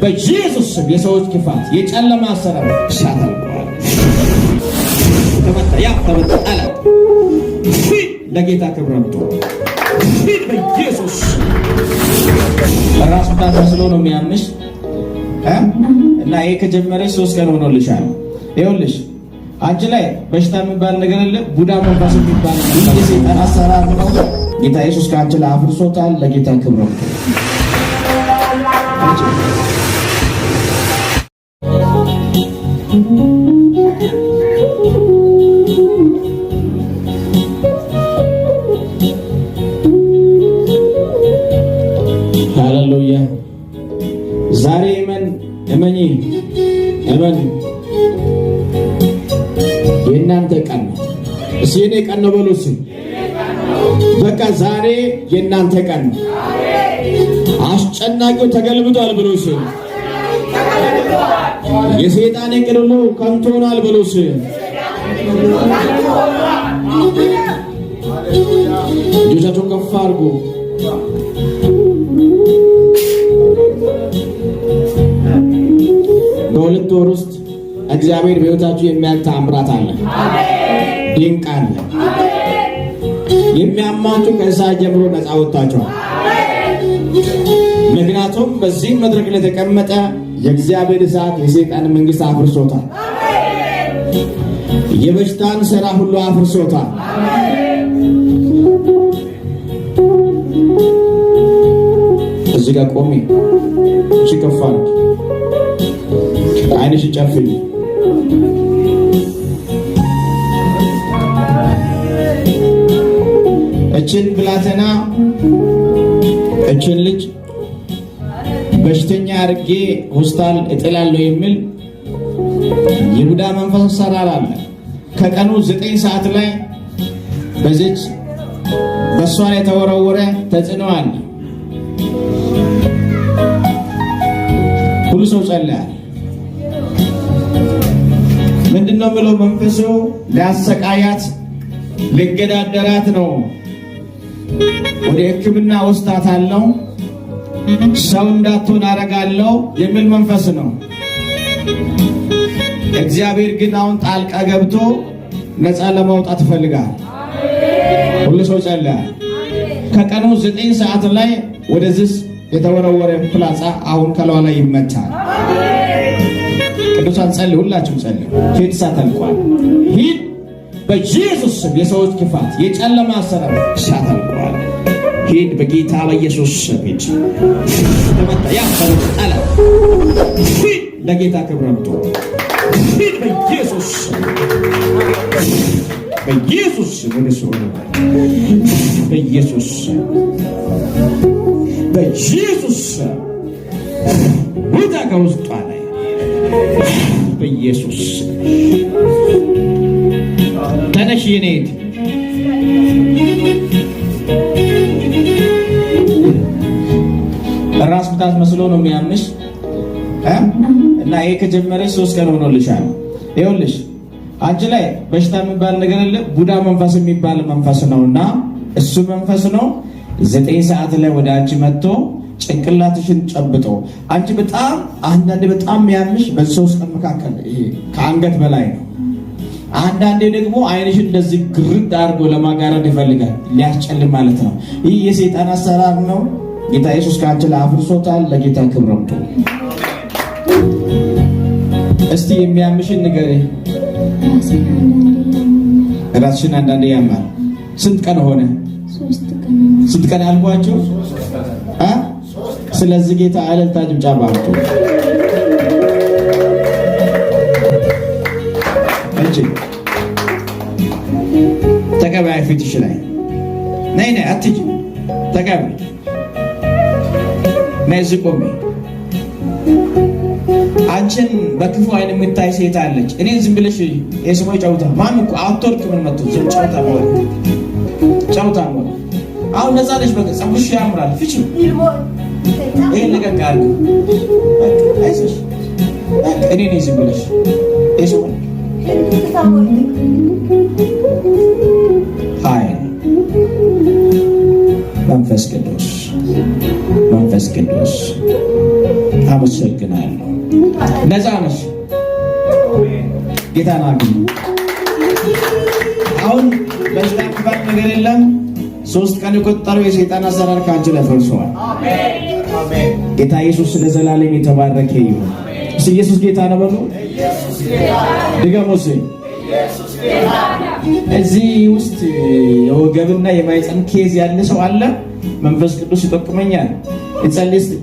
በኢየሱስ ስም የሰዎች ክፋት፣ የጨለማ አሰራር እሳት አልቀዋል። ተመታ፣ ያ ተመታ፣ አለ ለጌታ ክብረምቶ በኢየሱስ ራስ ምታት መስሎ ነው የሚያምሽ እና ይሄ ከጀመረች ሶስት ቀን ሆኖልሻል። ይኸውልሽ አንቺ ላይ በሽታ የሚባል ነገር የለ፣ ቡዳ መንፈስ የሚባል ሰይጣን አሰራር ነው። ጌታ ኢየሱስ ከአንቺ ላይ አፍርሶታል። ለጌታ ክብረ ሃሌሉያ። ዛሬ እመን እመኝ እመን የእናንተ ቀን ነው። እስኪ የኔ ቀን ነው በሉ። እስኪ በቃ ዛሬ የእናንተ ቀን ነው። አስጨናቂው ተገልብጧል ብሎ ስ የሰይጣን እቅድ ሁሉ ከንቱ ሆኗል ብሎ እጆቻቸውን ከፍ አድርጎ በሁለት ወር ውስጥ እግዚአብሔር በሕይወታችሁ የሚያል ተአምራት አለ፣ ድንቅ አለ። የሚያማችሁ ከእሳት ጀምሮ ነፃ ወጥታችኋል። ምክንያቱም በዚህ መድረክ ላይ የተቀመጠ የእግዚአብሔር እሳት የሰይጣን መንግስት አፍርሶታል። የበሽታን ስራ ሁሉ አፍርሶታል። እዚህ ጋር ቆሜ ሽከፋል አይነሽ ጨፍኝ እችን ብላቴና እችን ልጅ በሽተኛ አድርጌ ሆስፒታል እጥላለሁ የሚል ይሁዳ መንፈስ አሰራር አለ። ከቀኑ ዘጠኝ ሰዓት ላይ በዚች በእሷ ላይ የተወረወረ ተጽዕኖ አለ። ሁሉ ሰው ጸለያል። ምንድነው ብለው መንፈሱ ሊያሰቃያት ሊገዳደራት ነው። ወደ ሕክምና ወስዳታለሁ፣ ሰው እንዳትሆን አደርጋለሁ የሚል መንፈስ ነው። እግዚአብሔር ግን አሁን ጣልቃ ገብቶ ነፃ ለማውጣት ይፈልጋል። ሁሉ ሰው ጸልያል። ከቀኑ ዘጠኝ ሰዓት ላይ ወደዚህ የተወረወረ ፍላጻ አሁን ከላዋ ላይ ይመታል። ቅዱሳን ጸልዩ፣ ሁላችሁም ጸልዩ። ፊት ተልቋል። አልቋል። ሂድ በኢየሱስ ስም። የሰዎች ክፋት፣ የጨለማ አሰራር እሳት አልቋል። ሂድ በጌታ በኢየሱስ ስም። ሂድ ተመጣ ያ ሂድ ለጌታ ክብር አምጡ። ሂድ በኢየሱስ በኢየሱስ ስም ሰው በኢየሱስ በኢየሱስ ውጣ ከውስጧ ላይ በኢየሱስ ተነሽ የኔት ራስ ምታት መስሎ ነው የሚያምሽ እና ይሄ ከጀመረች ሶስት ቀን ሆኖልሻል። ይኸውልሽ አንቺ ላይ በሽታ የሚባል ነገር የለ፣ ቡዳ መንፈስ የሚባል መንፈስ ነው እና እሱ መንፈስ ነው ዘጠኝ ሰዓት ላይ ወደ አንቺ መጥቶ ጭንቅላትሽን ጨብጦ አንቺ በጣም አንዳንዴ በጣም ያምሽ በሶስት ቀን መካከል ከአንገት በላይ ነው። አንዳንዴ ደግሞ አይንሽ እንደዚህ ግርድ አድርጎ ለማጋረድ ይፈልጋል ሊያስጨልም ማለት ነው። ይህ የሴጣን አሰራር ነው። ጌታ ኢየሱስ ከአንቺ ላይ አፍርሶታል። ለጌታ ክብረምቶ እስቲ የሚያምሽን ንገሪ። ራስሽን አንዳንዴ ያማል። ስንት ቀን ሆነ? ስንት ቀን አልኳቸው? ስለዚህ ጌታ እልልታ ጭብጫ ባርቱ እንጂ ተቀባይ ፊት ላይ ነይ ነይ አትሂጂ፣ ተቀባይ ነይ እዚህ ቆሜ አንቺን በክፉ አይን የምታይ ሴት አለች። እኔ ዝም ብለሽ የስሞ ጨውታ ማን እኮ አትወርቅ ምን መጥቶ ዝም ጨውታ ነው ጨውታ ነው። አሁን ነፃ ነሽ። በቃ ፀጉርሽ ያምራል ፍቺ ይህን ለቀቅ አድርግ። አይዞሽ እኔ ነኝ ዝም ብለሽ ሀይ መንፈስ ቅዱስ መንፈስ ቅዱስ አመሰግናለሁ። ነፃ ነሽ። ጌታን አግኝ። አሁን በስታ ክፋት ነገር የለም። ሶስት ቀን የቆጠረው የሰይጣን አሰራር ከአንቺ ላይ ፈርሷል። ጌታ ኢየሱስ ለዘላለም የተባረከ ይሁን። እስ ኢየሱስ ጌታ ነው በሉ ድገሙስ። እዚህ ውስጥ የወገብና የማይፀን ኬዝ ያለ ሰው አለ። መንፈስ ቅዱስ ይጠቁመኛል እጸልይ